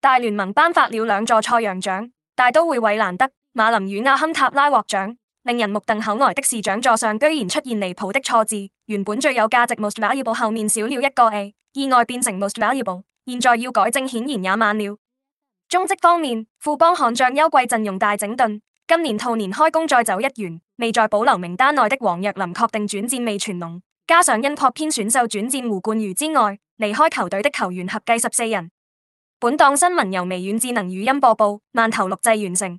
大聯盟頒發了兩座賽揚獎，大都會韋蘭德、馬林魚阿坎塔拉獲獎。令人目瞪口呆的是，獎座上居然出現離譜的錯字，原本最有價值 most valuable 後面少了一個 a，意外變成 most valuable，現在要改正，顯然也晚了。中職方面，富邦悍將休季陣容大整頓，今年兔年開工再走一員，未在保留名單內的王若林確定轉戰味全龍，加上因擴編選秀轉戰胡冠儒之外，離開球隊的球員合計十四人。本檔新聞由微軟智能語音播報，慢投錄製完成。